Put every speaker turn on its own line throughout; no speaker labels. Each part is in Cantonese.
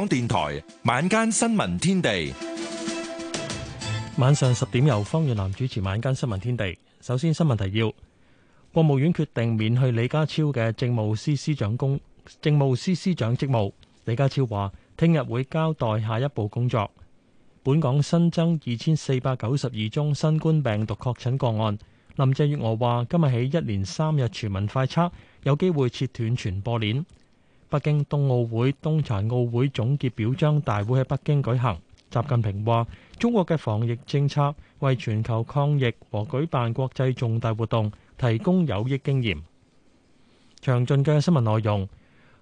港電台晚間新聞天地，晚上十點由方月南主持晚間新聞天地。首先新聞提要：國務院決定免去李家超嘅政務司司長公政務司司長職務。李家超話聽日會交代下一步工作。本港新增二千四百九十二宗新冠病毒確診個案。林鄭月娥話今日起一連三日全民快測，有機會切斷傳播鏈。北京冬奧會、冬殘奧會總結表彰大會喺北京舉行。習近平話：中國嘅防疫政策為全球抗疫和舉辦國際重大活動提供有益經驗。詳盡嘅新聞內容。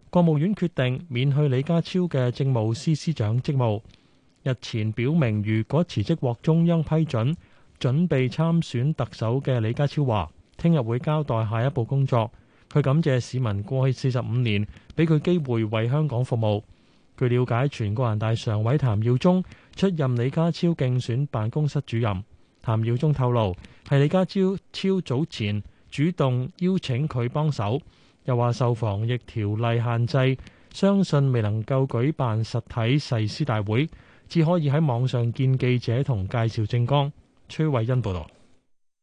國務院決定免去李家超嘅政務司司長職務。日前表明，如果辭職獲中央批准，準備參選特首嘅李家超話：聽日會交代下一步工作。佢感謝市民過去四十五年俾佢機會為香港服務。據了解，全國人大常委譚耀宗出任李家超競選辦公室主任。譚耀宗透露，係李家超超早前主動邀請佢幫手，又話受防疫條例限制，相信未能夠舉辦實體誓師大會，只可以喺網上見記者同介紹政綱。崔偉恩報道。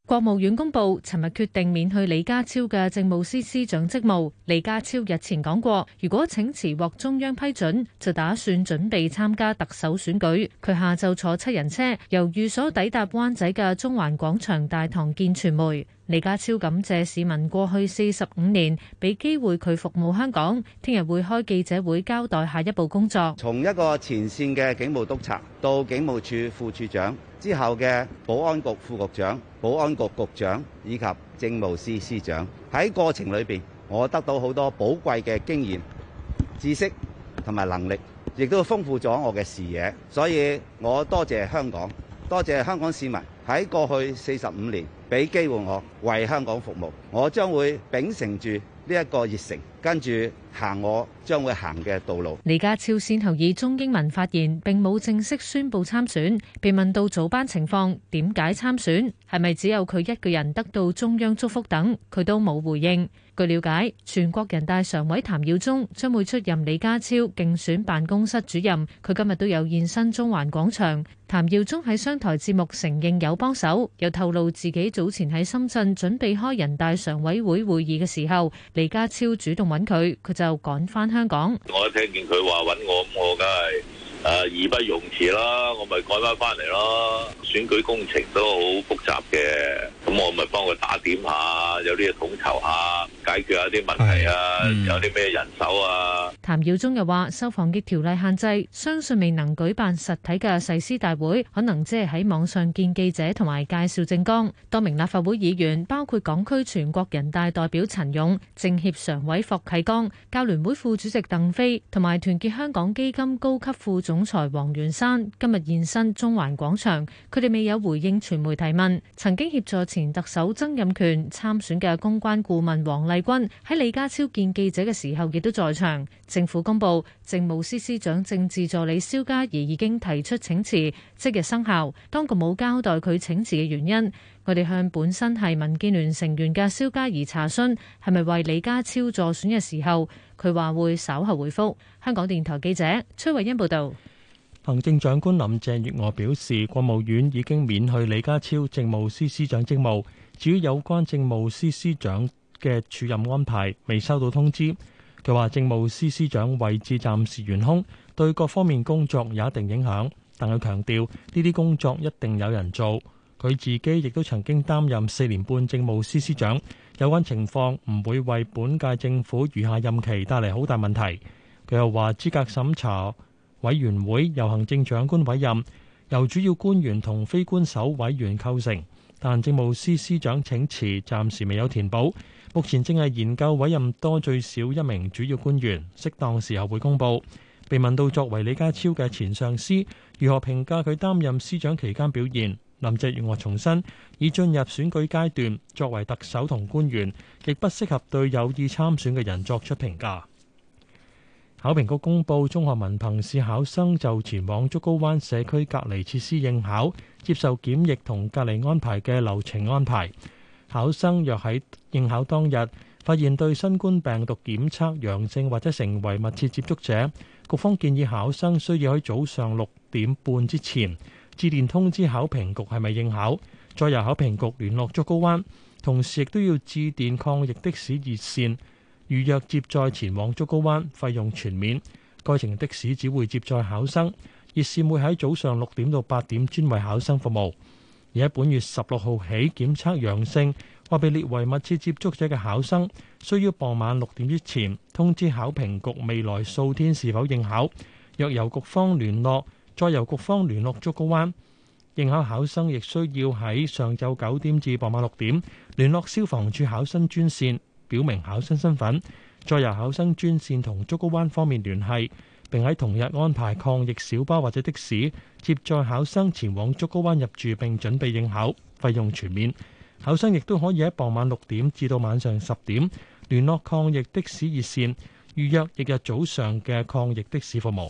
國務院公布，尋日決定免去李家超嘅政務司司長職務。李家超日前講過，如果請辭獲中央批准，就打算準備參加特首選舉。佢下晝坐七人車由寓所抵達灣仔嘅中環廣場大堂見傳媒。李家超感謝市民過去四十五年，俾機會佢服務香港，聽日會開記者會交代下一步工作。
從一個前線嘅警務督察，到警務處副處長，之後嘅保安局副局長，保安局局長，以及政務司司長。喺過程裏邊，我得到好多寶貴嘅經驗、知識、同埋能力，亦都豐富咗我嘅視野。所以，我多謝香港，多謝香港市民，喺過去四十五年，俾機會我為香港服務，我將會秉承住呢一個熱誠。跟住行，我將會行嘅道路。
李家超先後以中英文發言，並冇正式宣佈參選。被問到組班情況、點解參選、係咪只有佢一個人得到中央祝福等，佢都冇回應。據了解，全國人大常委譚耀宗將會出任李家超競選辦公室主任。佢今日都有現身中環廣場。譚耀宗喺商台節目承認有幫手，又透露自己早前喺深圳準備開人大常委會會議嘅時候，李家超主動。揾佢，佢就趕返香港。
我一聽見佢話揾我，咁我梗係。誒義不容辭啦，我咪改翻返嚟咯。選舉工程都好複雜嘅，咁我咪幫佢打點下，有啲嘢統籌下，解決下啲問題啊，有啲咩人手啊。
譚耀宗又話，受防疫條例限制，相信未能舉辦實體嘅誓師大會，可能只係喺網上見記者同埋介紹政綱。多名立法會議員，包括港區全國人大代表陳勇、政協常委霍啟剛、教聯會副主席鄧飛，同埋團結香港基金高級副總總裁黃元山今日現身中環廣場，佢哋未有回應傳媒提問。曾經協助前特首曾蔭權參選嘅公關顧問黃麗君喺李家超見記者嘅時候亦都在場。政府公布政務司司長政治助理蕭嘉怡已經提出請辭，即日生效。當局冇交代佢請辭嘅原因。我哋向本身係民建聯成員嘅蕭嘉怡查詢，係咪為李家超助選嘅時候？佢話會稍後回覆。香港電台記者崔慧欣報道。
行政長官林鄭月娥表示，國務院已經免去李家超政務司司長職務。至於有關政務司司長嘅署任安排，未收到通知。佢話政務司司長位置暫時懸空，對各方面工作有一定影響，但佢強調呢啲工作一定有人做。佢自己亦都曾經擔任四年半政務司司長。有關情況唔會為本屆政府餘下任期帶嚟好大問題。佢又話：資格審查委員會由行政長官委任，由主要官員同非官守委員構成，但政務司司長請辭，暫時未有填補，目前正係研究委任多最少一名主要官員，適當時候會公佈。被問到作為李家超嘅前上司，如何評價佢擔任司長期間表現？林鄭月娥重申，已進入選舉階段，作為特首同官員，亦不適合對有意參選嘅人作出評價。考評局公佈，中學文憑試考生就前往竹篙灣社區隔離設施應考，接受檢疫同隔離安排嘅流程安排。考生若喺應考當日發現對新冠病毒檢測陽性或者成為密切接觸者，局方建議考生需要喺早上六點半之前。致電通知考評局係咪應考，再由考評局聯絡竹篙灣，同時亦都要致電抗疫的士熱線預約接載前往竹篙灣，費用全免，該程的士只會接載考生，熱線會喺早上六點到八點專為考生服務。而喺本月十六號起，檢測陽性或被列為密切接觸者嘅考生，需要傍晚六點之前通知考評局未來數天是否應考，若由局方聯絡。再由局方聯絡竹篙灣應考考生，亦需要喺上晝九點至傍晚六點聯絡消防處考生專線，表明考生身份，再由考生專線同竹篙灣方面聯繫，並喺同日安排抗疫小巴或者的士接載考生前往竹篙灣入住並準備應考，費用全免。考生亦都可以喺傍晚六點至到晚上十點聯絡抗疫的士熱線預約翌日早上嘅抗疫的士服務。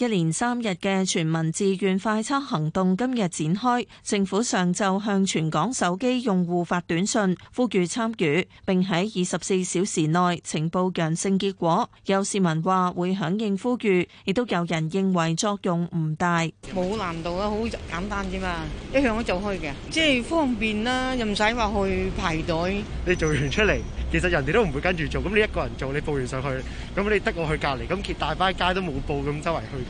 一連三日嘅全民自願快測行動今日展開，政府上晝向全港手機用戶發短信，呼籲參與，並喺二十四小時內呈報陽性結果。有市民話會響應呼籲，亦都有人認為作用唔大。冇難度呀，好簡單啫嘛，一向都做開嘅，即係方便啦，又唔使話去排
隊。你做完出嚟，其實人哋都唔會跟住做，咁你一個人做，你報完上去，咁你得我去隔離，咁大班街都冇報咁周圍去。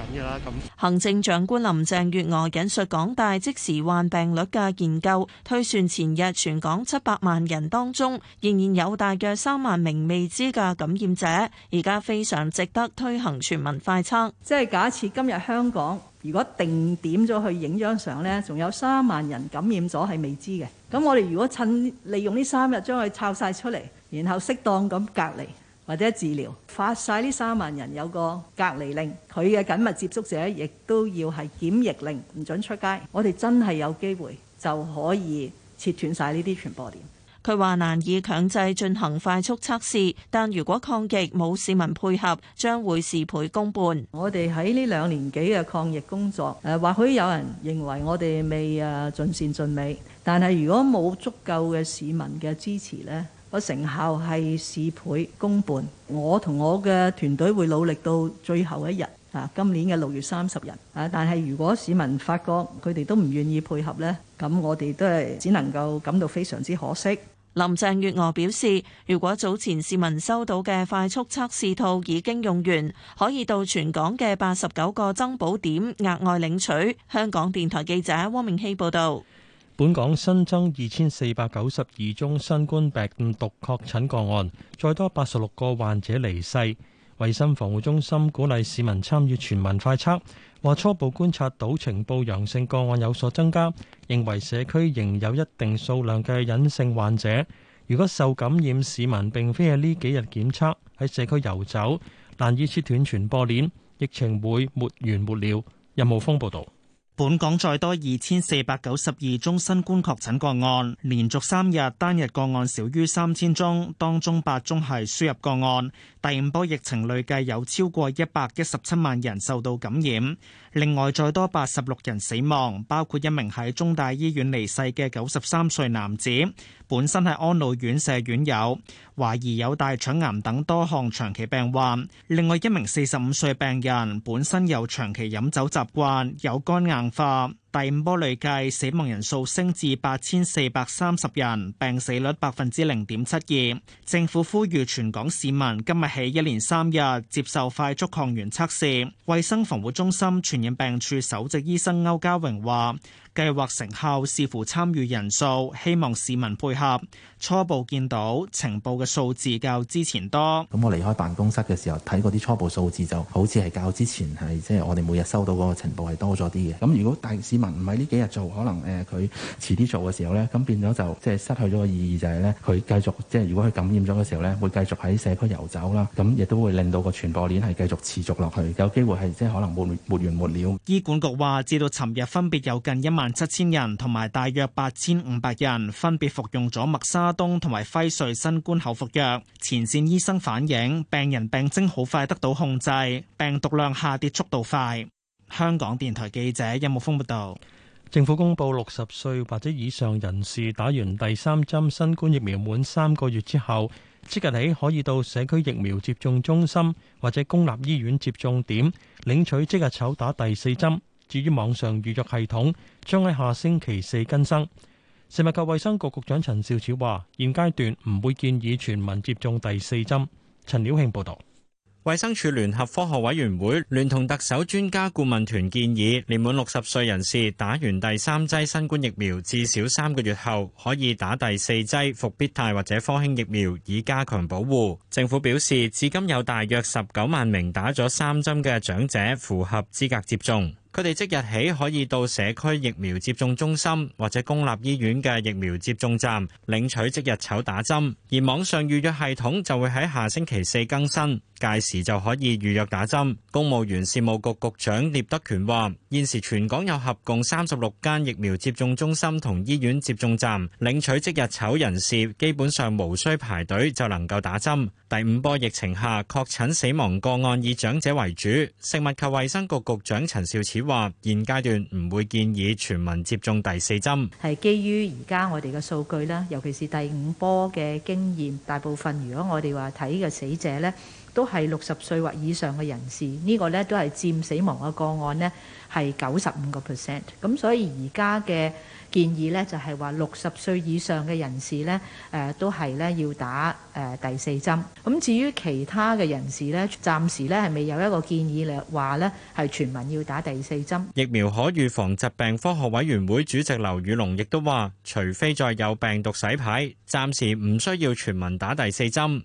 行政長官林鄭月娥引述港大即時患病率嘅研究，推算前日全港七百萬人當中，仍然有大約三萬名未知嘅感染者。而家非常值得推行全民快測，即係假設今日香港如果定點咗去影張相呢，仲有三萬人感染咗係未知嘅。咁我哋如果趁利用呢三日將佢摷晒出嚟，然後適當咁隔離。或者治療發晒呢三萬人有個隔離令，佢嘅緊密接觸者亦都要係檢疫令，唔准出街。我哋真係有機會就可以切斷晒呢啲傳播鏈。佢話難以強制進行快速測試，但如果抗疫冇市民配合，將會事倍功半。我哋喺呢兩年幾嘅抗疫工作，誒或許有人認為我哋未誒盡善盡美，但係如果冇足夠嘅市民嘅支持呢，個成效係事倍功半，我同我嘅團隊會努力到最後一日，啊，今年嘅六月三十日。啊，但係如果市民發覺佢哋都唔願意配合呢，咁我哋都係只能夠感到非常之可惜。林鄭月娥表示，如果早前市民收到嘅快速測試套已經用完，可以到全港嘅八十九個增補點額外領取。香港電台記者汪明希報導。
本港新增二千四百九十二宗新冠病毒確診個案，再多八十六個患者離世。衛生防護中心鼓勵市民參與全民快測，話初步觀察到情報陽性個案有所增加，認為社區仍有一定數量嘅隱性患者。如果受感染市民並非係呢幾日檢測，喺社區遊走，難
以切斷傳播鏈，疫情會沒完沒了。任浩峰報道。本港再多二千四百九十二宗新冠確診個案，連續三日單日個案少於三千宗，當中八宗係輸入個案。第五波疫情累計有超過一百一十七萬人受到感染，另外再多八十六人死亡，包括一名喺中大醫院離世嘅九十三歲男子。本身係安老院舍院友，懷疑有大腸癌等多項長期病患。另外一名四十五歲病人本身有長期飲酒習慣，有肝硬化。第五波累計死亡人數升至八千四百三十人，病死率百分之零點七二。政府呼籲全港市民今日起一連三日接受快速抗原測試，衛生防護中心傳染病處首席醫生歐家榮話。計劃成效視乎參與人數，希望市民配合。初步見到情報嘅數字較之前多。
咁我離開辦公室嘅時候睇嗰啲初步數字就好似係較之前係即係我哋每日收到嗰個情報係多咗啲嘅。咁如果大市民唔係呢幾日做，可能誒佢、呃、遲啲做嘅時候咧，咁變咗就即係失去咗個意義，就是，就係咧佢繼續即係如果佢感染咗嘅時候咧，會繼續喺社區遊走啦，咁亦都會令到個傳播鏈係繼續持續落去，有機會係即係可能沒沒完沒了。
醫管局話，至到尋日分別有近一萬。七千人同埋大約八千五百人分別服用咗默沙東同埋輝瑞新冠口服藥。前線醫生反映，病人病徵好快得到控制，病毒量下跌速度快。香港電台記者任木峰報道。
政府公布，六十歲或者以上人士打完第三針新冠疫苗滿三個月之後，即日起可以到社區疫苗接種中心或者公立醫院接種點領取即日籌打第四針。至於網上預約系統將喺下星期四更新。食物及衛生局局長陳肇始話，現階段唔會建議全民接種第四針。陳曉慶報導，
衛生署聯合科學委員會聯同特首專家顧問團建議，年滿六十歲人士打完第三劑新冠疫苗至少三個月後，可以打第四劑復必泰或者科興疫苗，以加強保護。政府表示，至今有大約十九萬名打咗三針嘅長者符合資格接種。佢哋即日起可以到社區疫苗接種中心或者公立醫院嘅疫苗接種站領取即日籌打針，而網上預約系統就會喺下星期四更新，屆時就可以預約打針。公務員事務局局長聶德權話，現時全港有合共三十六間疫苗接種中心同醫院接種站，領取即日籌人士基本上無需排隊就能夠打針。第五波疫情下，確診死亡個案以長者為主。食物及衛生局局長陳肇始，話現階段唔會建議全民接種第四針，
係基於而家我哋嘅數據啦，尤其是第五波嘅經驗，大部分如果我哋話睇嘅死者咧。都係六十歲或以上嘅人士，呢個呢都係佔死亡嘅個案呢係九十五個 percent。咁所以而家嘅建議呢，就係話六十歲以上嘅人士呢誒都係呢要打誒第四針。咁至於其他嘅人士呢，暫時呢係未有一個建議呢，話呢係全民要打第四針。
疫苗可預防疾病科學委員會主席劉宇龍亦都話，除非再有病毒洗牌，暫時唔需要全民打第四針。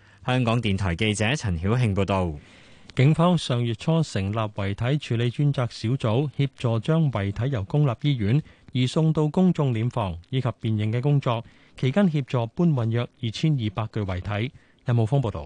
香港電台記者陳曉慶報道，警方上月初成立遺體處
理專責小組，協助將遺體由公立醫院移送到公眾殮房
以及辨認嘅工作。期間協助搬運約二千二百具遺體。有務方報道。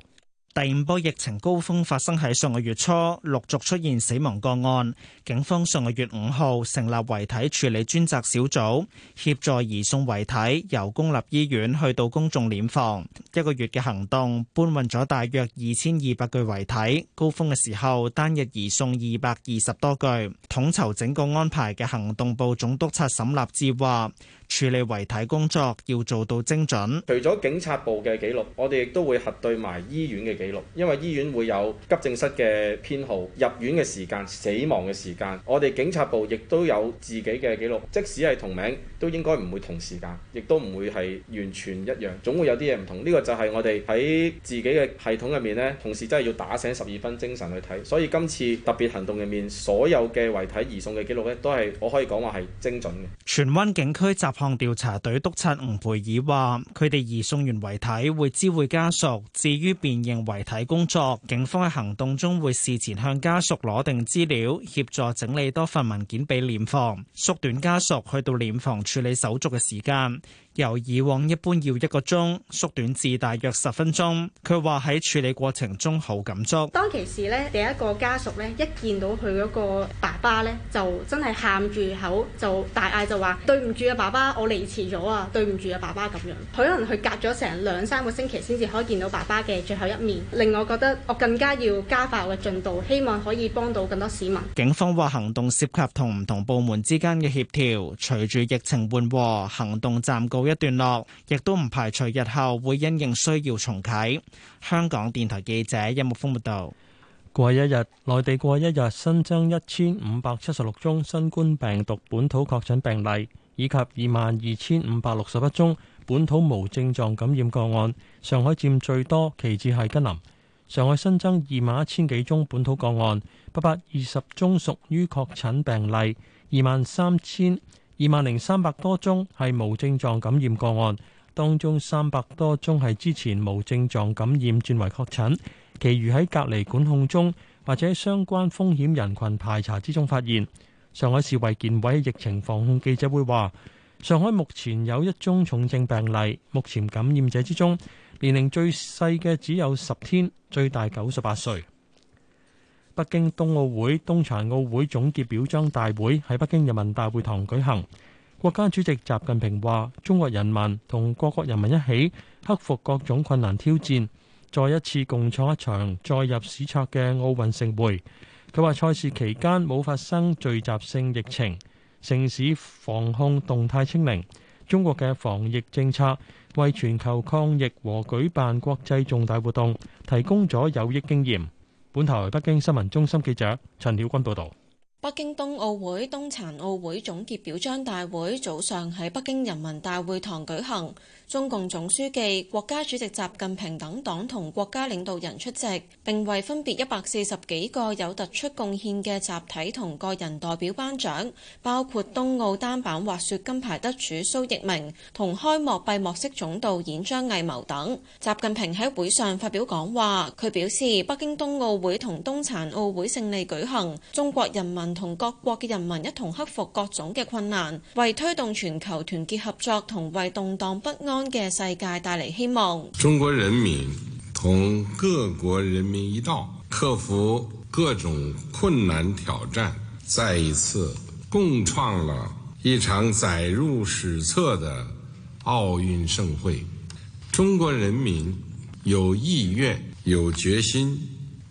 第五波疫情高峰發生喺上個月初，陸續出現死亡個案。警方上個月五號成立遺體處理專責小組，協助移送遺體由公立醫院去到公眾殮房。一個月嘅行動，搬運咗大約二千二百具遺體。高峰嘅時候，單日移送二百二十多具。統籌整個安排嘅行動部總督察沈立志話。處理遺體工作要做到精準。
除咗警察部嘅記錄，我哋亦都會核對埋醫院嘅記錄，因為醫院會有急症室嘅編號、入院嘅時間、死亡嘅時間。我哋警察部亦都有自己嘅記錄，即使係同名，都應該唔會同時間，亦都唔會係完全一樣，總會有啲嘢唔同。呢個就係我哋喺自己嘅系統入面咧，同時真係要打醒十二分精神去睇。所以今次特別行動入面，所有嘅遺體移送嘅記錄咧，都係我可以講話係精準嘅。
荃灣警區集警方調查隊督察吳培爾話，佢哋移送完遺體會知會家屬，至於辨認遺體工作，警方喺行動中會事前向家屬攞定資料，協助整理多份文件俾殮房，縮短家屬去到殮房處理手續嘅時間。由以往一般要一個鐘縮短至大約十分鐘，佢話喺處理過程中好感觸。
當其時呢，第一個家屬呢，一見到佢嗰個爸爸呢，就真係喊住口就大嗌就話對唔住啊，爸爸，我嚟遲咗啊，對唔住啊，爸爸咁樣，佢可能佢隔咗成兩三個星期先至可以見到爸爸嘅最後一面，令我覺得我更加要加快我嘅進度，希望可以幫到更多市民。
警方話行動涉及同唔同部門之間嘅協調，隨住疫情緩和，行動暫告一段落，亦都唔排除日後會因應需要重啟。香港電台記者殷木鋒報道：
過去一日，
內地過去一日新增一
千五百七十六宗新冠病毒本土確診病例，以及二萬二千五百六十一宗本土無症狀感染個案。上海佔最多，其次係吉林。上海新增二萬一千幾宗本土個案，八百二十宗屬於確診病例，二萬三千。二萬零三百多宗係無症狀感染個案，當中三百多宗係之前無症狀感染轉為確診，其餘喺隔離管控中或者相關風險人群排查之中發現。上海市衛健委疫情防控記者會話：上海目前有一宗重症病例，目前感染者之中年齡最細嘅只有十天，最大九十八歲。北京冬奧會、冬殘奧會總結表彰大會喺北京人民大會堂舉行。國家主席習近平話：中國人民同各國人民一起克服各種困難挑戰，再一次共創一場載入史冊嘅奧運盛會。佢話賽事期間冇發生聚集性疫情，城市防控動態清零。中國嘅防疫政策為全球抗疫和舉辦國際重大活動提供咗有益經驗。本台北京新聞中心記者陳曉君報道。
北京冬奧會、冬殘奧會總結表彰大會早上喺北京人民大會堂舉行，中共總書記、國家主席習近平等黨同國家領導人出席，並為分別一百四十幾個有突出貢獻嘅集體同個人代表頒獎，包括冬奧單板滑雪金牌得主蘇翊鳴同開幕閉幕式總導演張藝謀等。習近平喺會上發表講話，佢表示北京冬奧會同冬殘奧會勝利舉行，中國人民。同各國嘅人民一同克服各種嘅困難，為推動全球團結合作同為動盪不安嘅世界帶嚟希望。
中國人民同各國人民一道克服各種困難挑戰，再一次共創了一場載入史冊的奧運盛會。中國人民有意願、有決心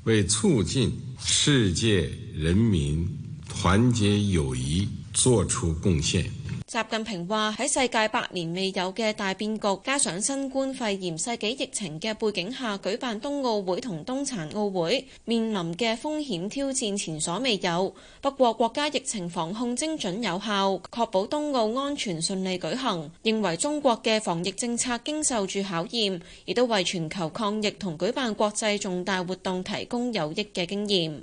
為促進世界人民。環結友誼，作出貢獻。
習近平話：喺世界百年未有嘅大變局，加上新冠肺炎世紀疫情嘅背景下，舉辦冬奧會同冬殘奧會，面臨嘅風險挑戰前所未有。不過國，國家疫情防控精準有效，確保冬奧安全順利舉行。認為中國嘅防疫政策經受住考驗，亦都為全球抗疫同舉辦國際重大活動提供有益嘅經驗。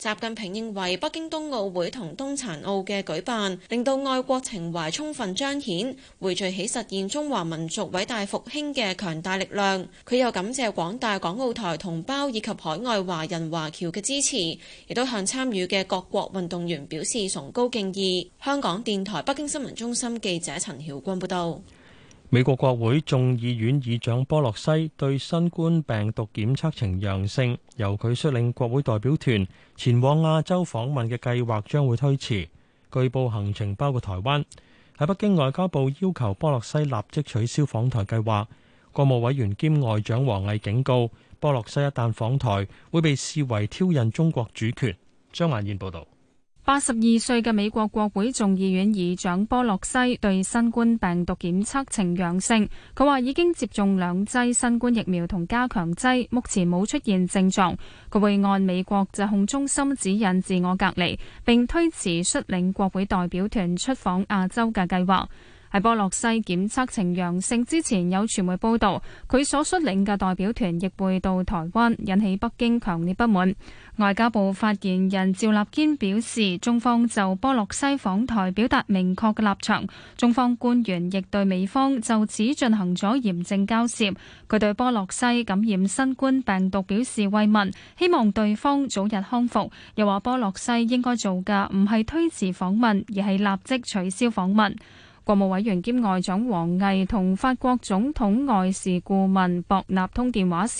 習近平認為北京冬奧會同冬殘奧嘅舉辦，令到愛國情懷充分彰顯，匯聚起實現中華民族偉大復興嘅強大力量。佢又感謝廣大港澳台同胞以及海外華人華僑嘅支持，亦都向參與嘅各國運動員表示崇高敬意。香港電台北京新聞中心記者陳曉君報道。
美國國會眾議院議長波洛西對新冠病毒檢測呈陽性，由佢率領國會代表團前往亞洲訪問嘅計劃將會推遲。據報行程包括台灣。喺北京外交部要求波洛西立即取消訪台計劃。國務委員兼外長王毅警告波洛西一旦訪台，會被視為挑釁中國主權。張晏燕報道。
八十二歲嘅美國國會眾議院議長波洛西對新冠病毒檢測呈陽性，佢話已經接種兩劑新冠疫苗同加強劑，目前冇出現症狀，佢會按美國疾控中心指引自我隔離，並推遲率領國會代表團出訪亞洲嘅計劃。喺波洛西檢測呈陽性之前，有傳媒報道佢所率領嘅代表團亦會到台灣，引起北京強烈不滿。外交部發言人趙立堅表示，中方就波洛西訪台表達明確嘅立場，中方官員亦對美方就此進行咗嚴正交涉。佢對波洛西感染新冠病毒表示慰問，希望對方早日康復。又話波洛西應該做嘅唔係推遲訪問，而係立即取消訪問。國務委員兼外長王毅同法國總統外事顧問博納通電話時，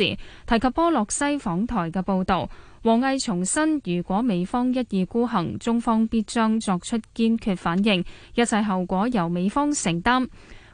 提及波洛西訪台嘅報道。王毅重申，如果美方一意孤行，中方必將作出堅決反應，一切後果由美方承擔。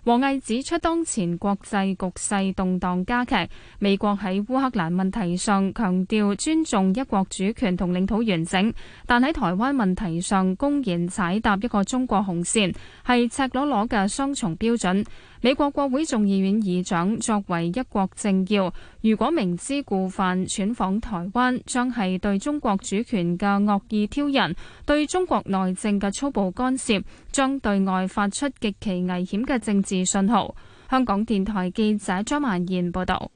王毅指出，當前國際局勢動盪加劇，美國喺烏克蘭問題上強調尊重一國主權同領土完整，但喺台灣問題上公然踩踏一個中國紅線，係赤裸裸嘅雙重標準。美國國會眾議院議長作為一國政要，如果明知故犯竄訪台灣，將係對中國主權嘅惡意挑釁，對中國內政嘅粗暴干涉。將對外發出極其危險嘅政治信號。香港電台記者張曼燕報道：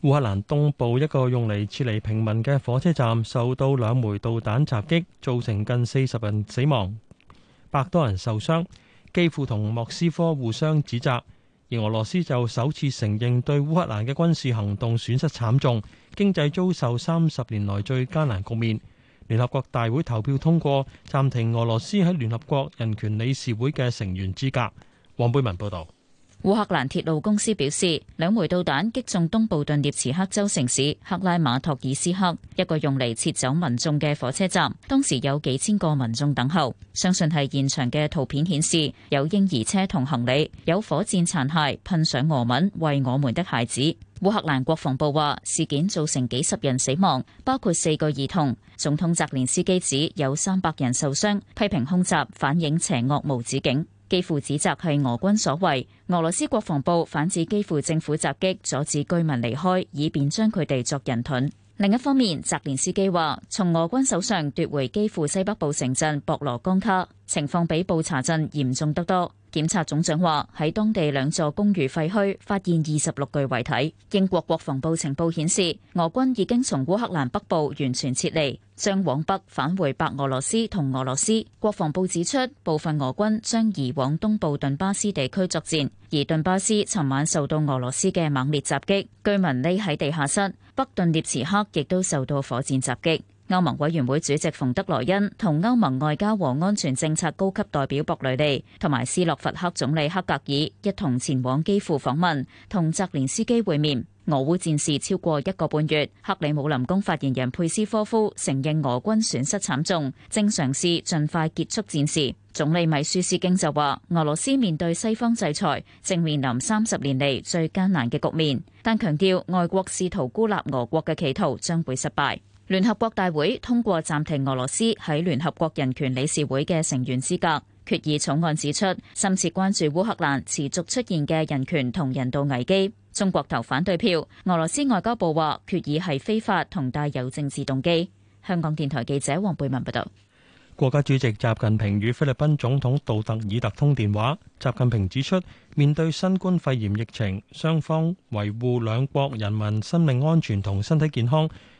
烏克蘭東部一個用嚟撤離平民嘅火車站受到兩枚導彈襲擊，造成近四十人死亡，百多人受傷。幾乎同莫斯科互相指責，而俄羅斯就首次承認對烏克蘭嘅軍事行動損失慘重，經濟遭受三十年來最艱難局面。聯合國大會投票通過暫停俄羅斯喺聯合國人權理事會嘅成員資格。黃貝文報導。
烏克蘭鐵路公司表示，兩枚導彈擊中東部頓涅茨克州城市克拉馬托爾斯克一個用嚟撤走民眾嘅火車站，當時有幾千個民眾等候，相信係現場嘅圖片顯示有嬰兒車同行李，有火箭殘骸噴上俄文：為我們的孩子。烏克蘭國防部話事件造成幾十人死亡，包括四個兒童。總統澤連斯基指有三百人受傷，批評空襲反映邪惡無止境。基輔指責係俄軍所為。俄羅斯國防部反指基輔政府襲擊，阻止居民離開，以便將佢哋作人盾。另一方面，澤連斯基話：從俄軍手上奪回基輔西北部城鎮博羅江卡，情況比布查鎮嚴重得多。檢察總長話喺當地兩座公寓廢墟發現二十六具遺體。英國國防部情報顯示，俄軍已經從烏克蘭北部完全撤離，將往北返回白俄羅斯同俄羅斯。國防部指出，部分俄軍將移往東部頓巴斯地區作戰，而頓巴斯尋晚受到俄羅斯嘅猛烈襲擊，居民匿喺地下室。北頓涅茨克亦都受到火箭襲擊。歐盟委員會主席馮德萊恩同歐盟外交和安全政策高級代表博雷利同埋斯洛伐克總理克格爾一同前往基輔訪問，同澤連斯基會面。俄烏戰事超過一個半月，克里姆林宮發言人佩斯科夫承認俄軍損失慘重，正嘗試盡快結束戰事。總理米舒斯京就話，俄羅斯面對西方制裁，正面臨三十年嚟最艱難嘅局面，但強調外國試圖孤立俄國嘅企圖將會失敗。聯合國大會通過暫停俄羅斯喺聯合國人權理事會嘅成員資格。決議草案指出，深切關注烏克蘭持續出現嘅人權同人道危機。中國投反對票。俄羅斯外交部話決議係非法同帶有政治動機。香港電台記者黃貝文報道。
國家主席習近平與菲律賓總統杜特爾特通電話。習近平指出，面對新冠肺炎疫情，雙方維護兩國人民生命安全同身體健康。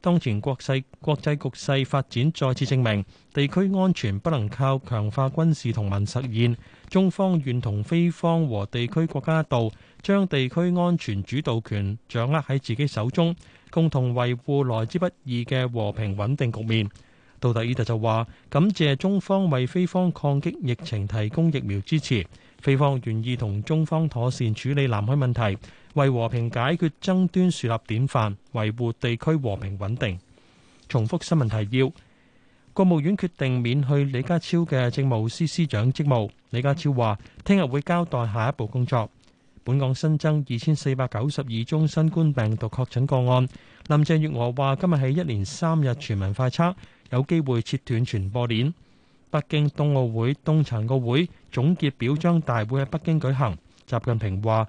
當前國際國際局勢發展再次證明，地區安全不能靠強化軍事同盟實現。中方願同菲方和地區國家一道，將地區安全主導權掌握喺自己手中，共同維護來之不易嘅和平穩定局面。杜特爾特就話感謝中方為菲方抗擊疫情提供疫苗支持，菲方願意同中方妥善處理南海問題。為和平解決爭端樹立典範，維護地區和平穩定。重複新聞提要：國務院決定免去李家超嘅政務司司長職務。李家超話聽日會交代下一步工作。本港新增二千四百九十二宗新冠病毒確診個案。林鄭月娥話今日起一連三日全民快測，有機會切斷傳播鏈。北京冬奧會、冬殘奧會總結表彰大會喺北京舉行。習近平話。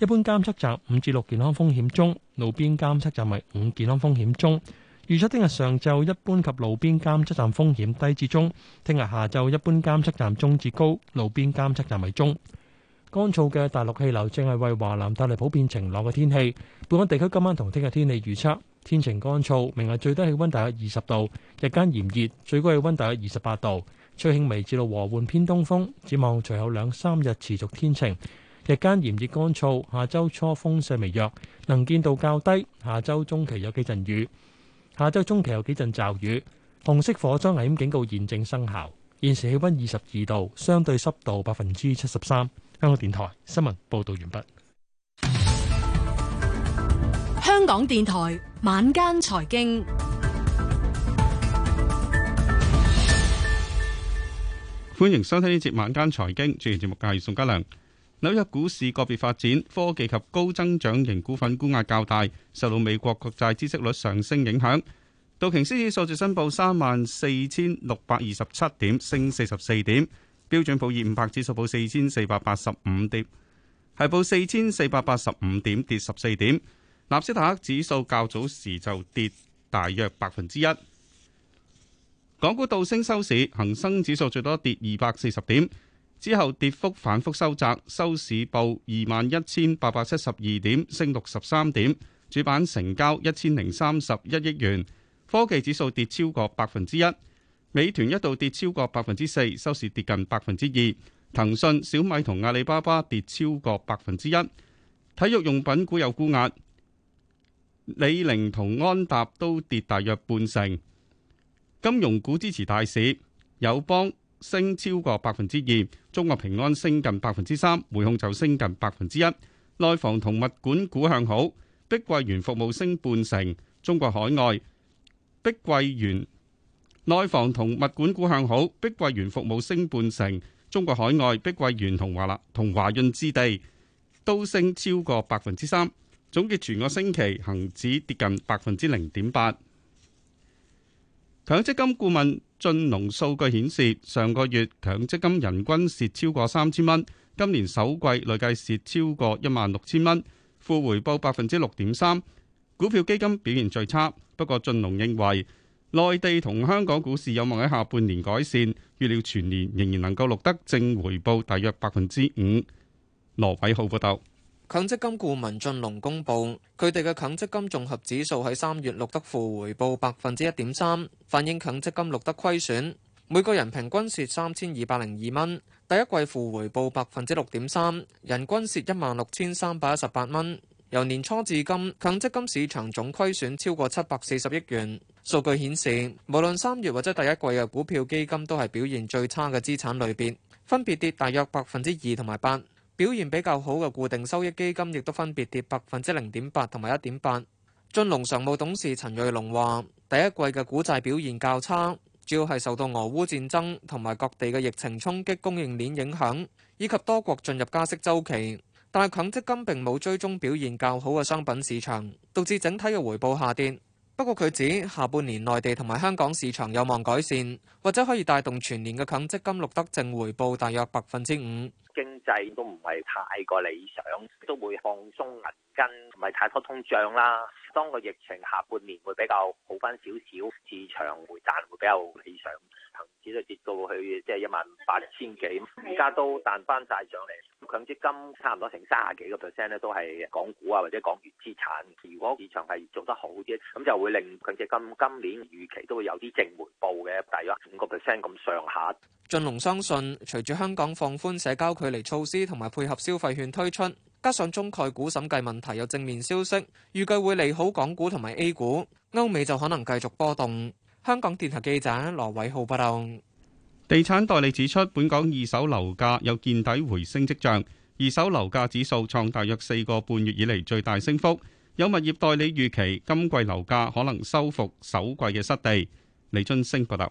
一般監測站五至六健康風險中，路邊監測站為五健康風險中。預測聽日上晝一般及路邊監測站風險低至中，聽日下晝一般監測站中至高，路邊監測站為中。乾燥嘅大陸氣流正係為華南帶嚟普遍晴朗嘅天氣。本港地區今晚同聽日天氣預測天晴乾燥，明日最低氣温大約二十度，日間炎熱，最高氣温大約二十八度。吹輕微至到和緩偏東風，展望隨後兩三日持續天晴。日間炎熱乾燥，下周初風勢微弱，能見度較低。下周中期有幾陣雨，下周中期有幾陣驟雨。紅色火災危險警告現正生效。現時氣温二十二度，相對濕度百分之七十三。香港電台新聞報道完畢。
香港電台晚間財經，
歡迎收聽呢節晚間財經。主持節目嘅係宋嘉良。紐約股市個別發展，科技及高增長型股份沽壓較大，受到美國國債孳息率上升影響。道瓊斯指數升報三萬四千六百二十七點，升四十四點；標準普爾五百指數報四千四百八十五點，係報四千四百八十五點，跌十四點。納斯達克指數較早時就跌大約百分之一。港股倒升收市，恒生指數最多跌二百四十點。之後跌幅反覆收窄，收市報二萬一千八百七十二點，升六十三點，主板成交一千零三十一億元。科技指數跌超過百分之一，美團一度跌超過百分之四，收市跌近百分之二。騰訊、小米同阿里巴巴跌超過百分之一。體育用品股有沽壓，李寧同安踏都跌大約半成。金融股支持大市，友邦升超過百分之二，中國平安升近百分之三，匯控就升近百分之一。內房同物管股向好，碧桂園服務升半成，中國海外、碧桂園、內房同物管股向好，碧桂園服務升半成，中國海外、碧桂園同華立同華潤置地都升超過百分之三。總結全個星期，恒指跌近百分之零點八。強積金顧問駿隆數據顯示，上個月強積金人均蝕超過三千蚊，今年首季累計蝕超過一萬六千蚊，負回報百分之六點三。股票基金表現最差，不過駿隆認為，內地同香港股市有望喺下半年改善，預料全年仍然能夠錄得正回報大約百分之五。羅偉浩報道。
強積金顧問俊龍公佈，佢哋嘅強積金綜合指數喺三月錄得負回報百分之一點三，反映強積金錄得虧損，每個人平均蝕三千二百零二蚊。第一季負回報百分之六點三，人均蝕一萬六千三百一十八蚊。由年初至今，強積金市場總虧損超過七百四十億元。數據顯示，無論三月或者第一季嘅股票基金都係表現最差嘅資產類別，分別跌大約百分之二同埋八。表現比較好嘅固定收益基金亦都分別跌百分之零點八同埋一點八。進龍常務董事陳瑞龍話：第一季嘅股債表現較差，主要係受到俄烏戰爭同埋各地嘅疫情衝擊供應鏈影響，以及多國進入加息周期。但強積金並冇追蹤表現較好嘅商品市場，導致整體嘅回報下跌。不過佢指下半年內地同埋香港市場有望改善，或者可以帶動全年嘅強積金錄得正回報大約百分之五。
經濟都唔係太過理想，都會放鬆銀根，唔係太多通脹啦。當個疫情下半年會比較好翻少少，市場回彈會比較理想，指數跌到去即係一萬八千幾。而家都彈翻晒上嚟，強積金差唔多成三十幾個 percent 咧，都係港股啊或者港元資產。如果市場係做得好啲，咁就會令強積金今，今年預期都會有啲正回報嘅，大約五個 percent 咁上下。
俊龍相信，隨住香港放寬社交距離措施同埋配合消費券推出。加上中概股審計問題有正面消息，預計會利好港股同埋 A 股，歐美就可能繼續波動。香港電台記者羅偉浩報道。
地產代理指出，本港二手樓價有見底回升跡象，二手樓價指數創大約四個半月以嚟最大升幅。有物業代理預期今季樓價可能收復首季嘅失地。李津升報道。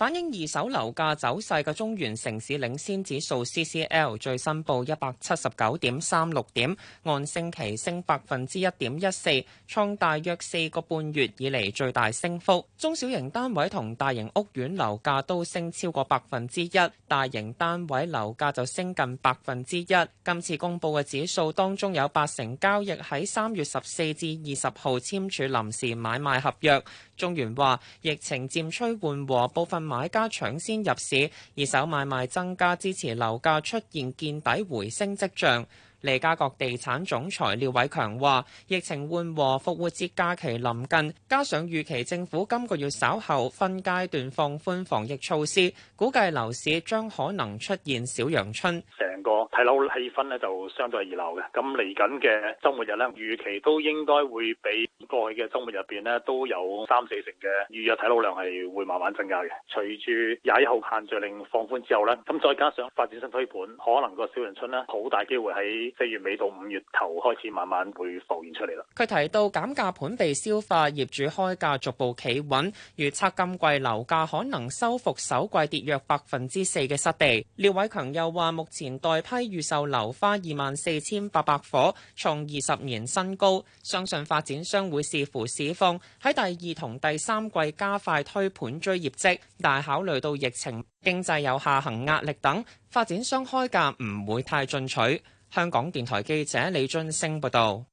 反映二手樓價走勢嘅中原城市領先指數 CCL 最新報一百七十九點三六點，按星期升百分之一點一四，創大約四個半月以嚟最大升幅。中小型單位同大型屋苑樓價都升超過百分之一，大型單位樓價就升近百分之一。今次公佈嘅指數當中有八成交易喺三月十四至二十號簽署臨時買賣合約。中原話疫情漸趨緩和，部分買家搶先入市，二手買賣增加，支持樓價出現見底回升跡象。利嘉閣地產總裁廖偉強話，疫情緩和、復活節假期臨近，加上預期政府今個月稍後分階段放寬防疫措施，估計樓市將可能出現小陽春。
個睇樓氣氛呢，就相對熱鬧嘅。咁嚟緊嘅周末日呢，預期都應該會比過去嘅周末日入邊呢都有三四成嘅預約睇樓量，係會慢慢增加嘅。隨住廿一號限聚令放寬之後呢，咁再加上發展商推盤，可能個小陽春呢，好大機會喺四月尾
到五月頭開始慢慢會浮現出嚟啦。
佢提到減價盤被消化，業主開價逐步企穩，預測今季樓價可能收復首季跌約百分之四嘅失地。廖偉強又話，目前外批預售樓花二萬四千八百伙，創二十年新高。相信發展商會視乎市況，喺第二同第三季加快推盤追業績，但考慮到疫情、經濟有下行壓力等，發展商開價唔會太進取。香港電台記者李俊升報道。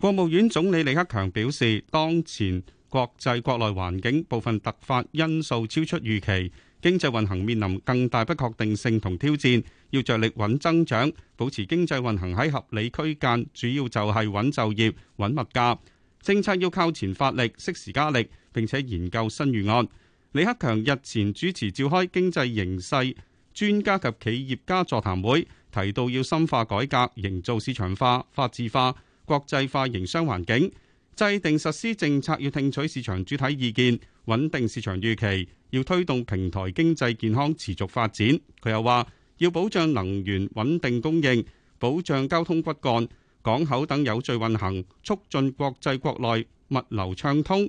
國務院總理李克強表示，當前國際國內環境部分突發因素超出預期。經濟運行面臨更大不確定性同挑戰，要着力穩增長，保持經濟運行喺合理區間，主要就係穩就業、穩物價。政策要靠前發力、適時加力，並且研究新預案。李克強日前主持召開經濟形勢專家及企業家座談會，提到要深化改革，營造市場化、法治化、國際化營商環境。制定實施政策要聽取市場主體意見，穩定市場預期，要推動平台經濟健康持續發展。佢又話要保障能源穩定供應，保障交通骨幹、港口等有序運行，促進國際國內物流暢通，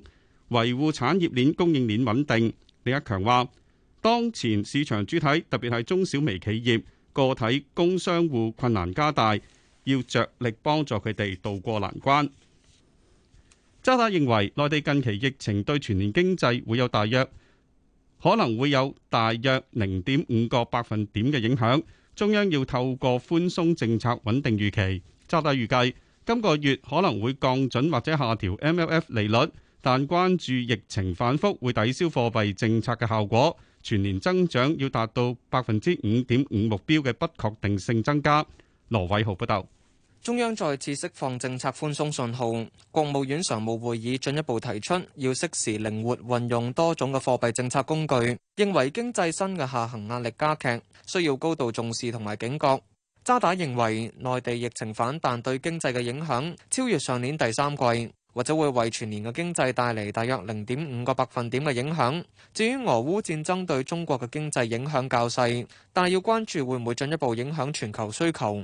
維護產業鏈供應鏈穩定。李克強話：當前市場主體特別係中小微企業、個體工商戶困難加大，要着力幫助佢哋渡過難關。渣打認為，內地近期疫情對全年經濟會有大約，可能會有大約零點五個百分點嘅影響。中央要透過寬鬆政策穩定預期。渣打預計今個月可能會降準或者下調 MLF 利率，但關注疫情反覆會抵消貨幣政策嘅效果，全年增長要達到百分之五點五目標嘅不確定性增加。羅偉豪報道。
中央再次釋放政策寬鬆信號，國務院常務會議進一步提出要適時靈活運用多種嘅貨幣政策工具，認為經濟新嘅下行壓力加劇，需要高度重視同埋警覺。渣打認為內地疫情反彈對經濟嘅影響超越上年第三季，或者會為全年嘅經濟帶嚟大約零點五個百分點嘅影響。至於俄烏戰爭對中國嘅經濟影響較細，但係要關注會唔會進一步影響全球需求。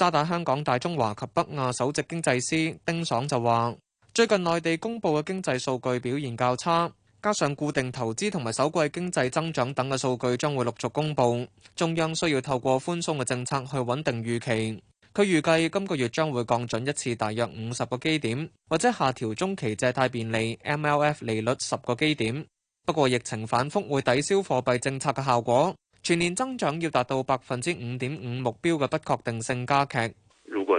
渣打香港大中華及北亞首席經濟師丁爽就話，最近內地公布嘅經濟數據表現較差，加上固定投資同埋首季經濟增長等嘅數據將會陸續公布，中央需要透過寬鬆嘅政策去穩定預期。佢預計今個月將會降準一次，大約五十個基點，或者下調中期借貸便利 （MLF） 利率十個基點。不過疫情反覆會抵消貨幣政策嘅效果。全年增長要達到百分之五點五目標嘅不確定性加劇。如果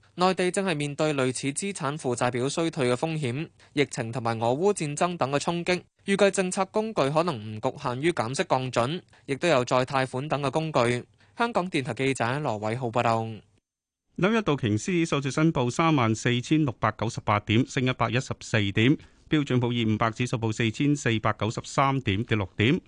內地正係面對類似資產負債表衰退嘅風險、疫情同埋俄烏戰爭等嘅衝擊，預計政策工具可能唔局限於減息降準，亦都有再貸款等嘅工具。香港電台記者羅偉浩報道。
紐約道瓊斯收市報三萬四千六百九十八點，升一百一十四點。標準普爾五百指數報四千四百九十三點，跌六點。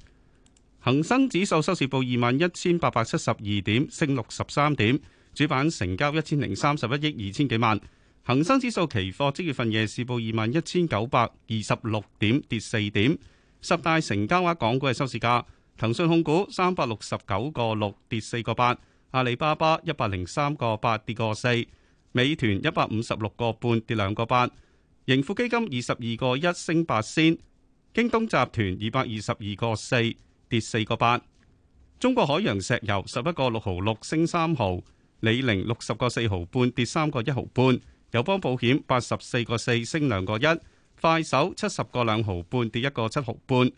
恒生指數收市報二萬一千八百七十二點，升六十三點。主板成交一千零三十一億二千幾萬，恒生指數期貨即月份夜市報二萬一千九百二十六點，跌四點。十大成交額港股嘅收市價，騰訊控股三百六十九個六，跌四個八；阿里巴巴一百零三個八，跌個四；美團一百五十六個半，跌兩個八；盈富基金二十二個一，升八仙；京東集團二百二十二個四，跌四個八；中國海洋石油十一個六毫六，升三毫。李寧六十個四毫半跌三個一毫半，友邦保險八十四個四升兩個一，快手七十個兩毫半跌一個七毫半，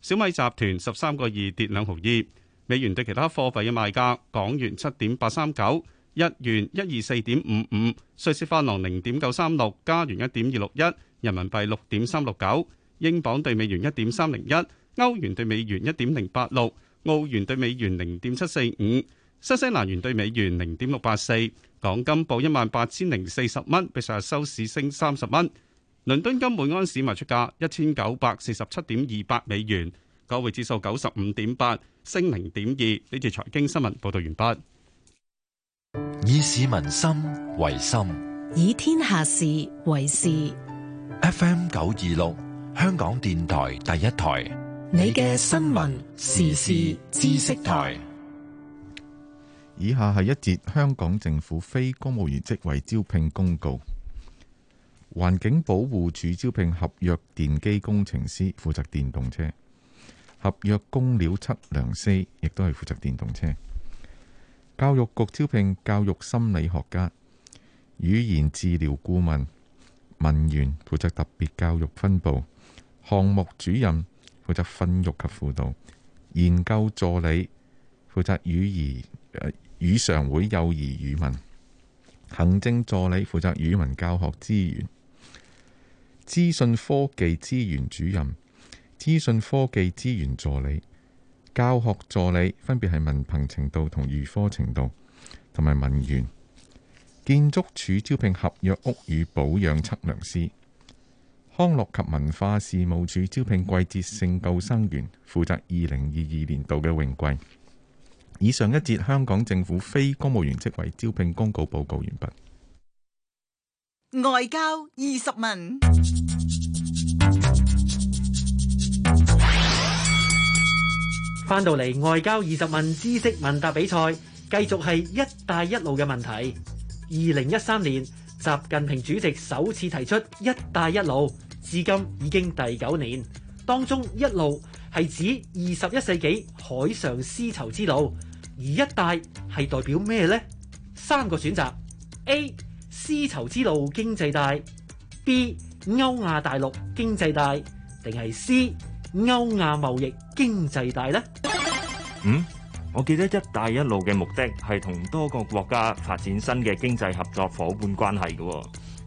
小米集團十三個二跌兩毫二。美元對其他貨幣嘅賣價：港元七點八三九，日元一二四點五五，瑞士法郎零點九三六，加元一點二六一，人民幣六點三六九，英鎊對美元一點三零一，歐元對美元一點零八六，澳元對美元零點七四五。新西蘭元兌美元零點六八四，港金報一萬八千零四十蚊，比上日收市升三十蚊。倫敦金每安士賣出價一千九百四十七點二八美元，交易指數九十五點八升零點二。呢次財經新聞報道完畢。以市民心為心，
以天下事為事。
FM 九二六，香港電台第一台，
你嘅新聞時事知識台。
以下係一節香港政府非公務員職位招聘公告。環境保護署招聘合約電機工程師，負責電動車；合約工料測量師亦都係負責電動車。教育局招聘教育心理學家、語言治療顧問、文員，負責特別教育分部、項目主任，負責訓育及輔導、研究助理，負責語言。語常會幼兒，語文行政助理，負責語文教學資源、資訊科技資源主任、資訊科技資源助理、教學助理，分別係文憑程度同預科程度，同埋文員。建築署招聘合約屋宇保養測量師。康樂及文化事務署招聘季節性救生員，負責二零二二年度嘅泳季。以上一節香港政府非公務員職位招聘公告報告完畢。
外交二十問，
翻到嚟外交二十問知識問答比賽，繼續係一帶一路嘅問題。二零一三年，習近平主席首次提出一帶一路，至今已經第九年。當中，一路係指二十一世紀海上絲綢之路。而一帶係代表咩呢？三個選擇：A 絲綢之路經濟帶，B 歐亞大陸經濟帶，定係 C 歐亞貿易經濟帶呢？嗯，我記得一
帶一路嘅目的係同多個國家發展新嘅經濟合作伙伴關係
嘅、哦。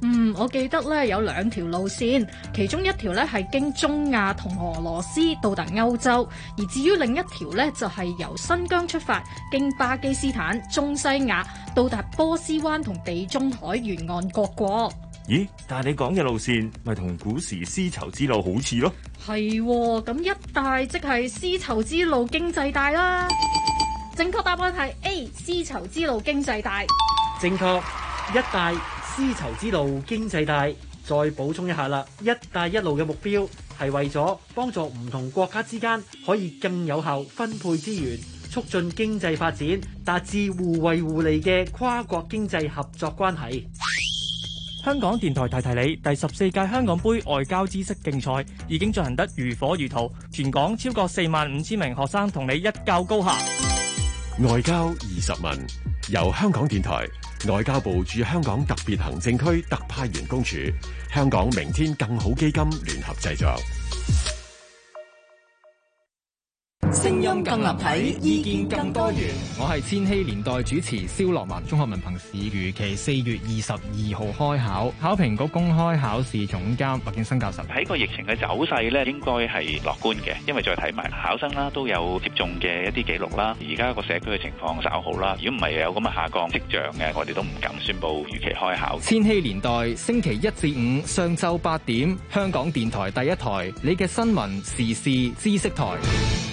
嗯，我記得咧有兩條路線，其中一條咧係經中亞同俄羅斯到達歐洲，而至於另一條咧就係由新疆出發，經巴基斯坦、中西亞到達波斯灣同地中海沿岸各國。
咦？但係你講嘅路線咪同古時絲綢之路好似咯？
係、哦，咁一帶即係絲綢之路經濟帶啦。 正確答案係 A，絲綢之路經濟帶。
正確，一帶。絲綢之路經濟帶，再補充一下啦。一帶一路嘅目標係為咗幫助唔同國家之間可以更有效分配資源，促進經濟發展，達至互惠互利嘅跨國經濟合作關係。香港電台提提你，第十四屆香港杯外交知識競賽已經進行得如火如荼，全港超過四萬五千名學生同你一較高下。
外交二十問，由香港電台。外交部駐香港特別行政區特派員公署、香港明天更好基金聯合製作。
聲音更立體，意見更多元。
我係千禧年代主持蕭樂文。中學文憑試預期四月二十二號開考，考評局公開考試總監麥勁生教授，
喺個疫情嘅走勢呢，應該係樂觀嘅，因為再睇埋考生啦，都有接種嘅一啲記錄啦。而家個社區嘅情況稍好啦。如果唔係有咁嘅下降跡象嘅，我哋都唔敢宣佈預期開考。千
禧年代，星期一至五上晝八點，香港電台第一台你嘅新聞時事知識台。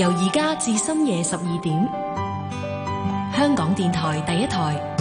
由而家
至深夜十二點，香港電台第一台。